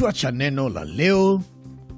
Kichwa cha neno la leo: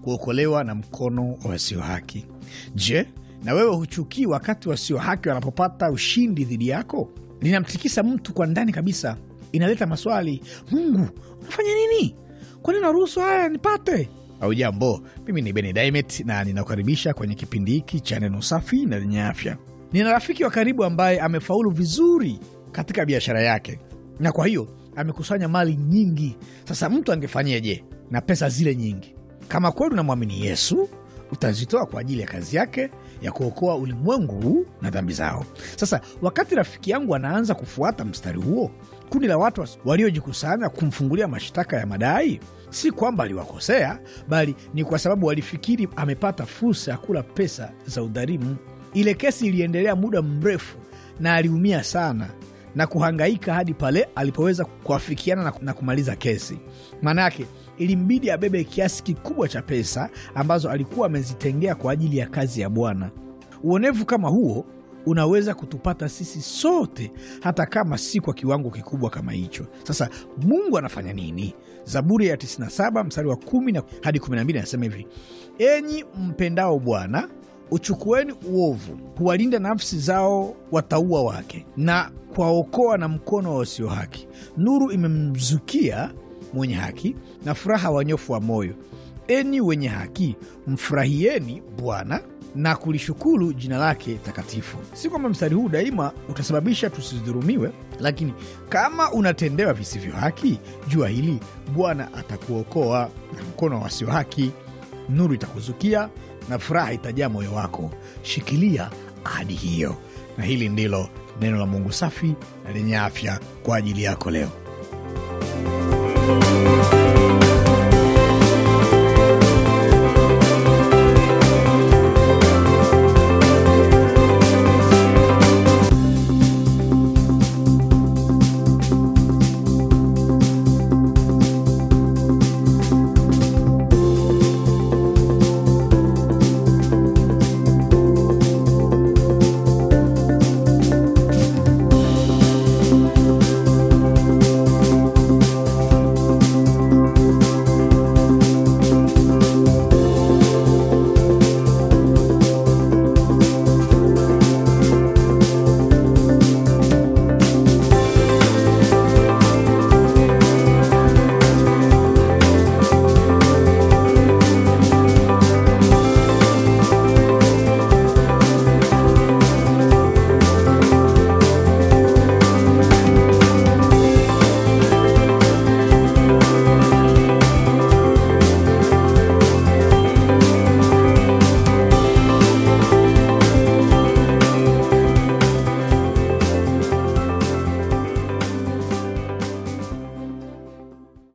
kuokolewa na mkono wa wasio haki. Je, na wewe huchukii wakati wasio haki wanapopata ushindi dhidi yako? Linamtikisa mtu kwa ndani kabisa, inaleta maswali: Mungu, unafanya nini? Kwa nini naruhusu haya nipate? au jambo. Mimi ni Beni Dimet na ninakukaribisha kwenye kipindi hiki cha neno safi na lenye afya. Nina rafiki wa karibu ambaye amefaulu vizuri katika biashara yake, na kwa hiyo amekusanya mali nyingi. Sasa mtu angefanyeje? na pesa zile nyingi. Kama kweli unamwamini Yesu, utazitoa kwa ajili ya kazi yake ya kuokoa ulimwengu huu na dhambi zao. Sasa wakati rafiki yangu anaanza kufuata mstari huo, kundi la watu waliojikusanya kumfungulia mashtaka ya madai, si kwamba aliwakosea, bali ni kwa sababu walifikiri amepata fursa ya kula pesa za udhalimu. Ile kesi iliendelea muda mrefu na aliumia sana na kuhangaika hadi pale alipoweza kuafikiana na kumaliza kesi. Maana yake ilimbidi abebe kiasi kikubwa cha pesa ambazo alikuwa amezitengea kwa ajili ya kazi ya Bwana. Uonevu kama huo unaweza kutupata sisi sote, hata kama si kwa kiwango kikubwa kama hicho. Sasa Mungu anafanya nini? Zaburi ya 97 mstari wa 10 hadi 12 anasema hivi: enyi mpendao Bwana uchukueni uovu, huwalinda nafsi zao watauwa wake, na kwaokoa na mkono wa wasio haki. Nuru imemzukia mwenye haki, na furaha wanyofu wa moyo. Enyi wenye haki, mfurahieni Bwana na kulishukuru jina lake takatifu. Si kwamba mstari huu daima utasababisha tusidhulumiwe, lakini kama unatendewa visivyo haki, jua hili, Bwana atakuokoa na mkono wa wasio haki. Nuru itakuzukia na furaha itajaa moyo wako. Shikilia ahadi hiyo, na hili ndilo neno la Mungu safi na lenye afya kwa ajili yako leo.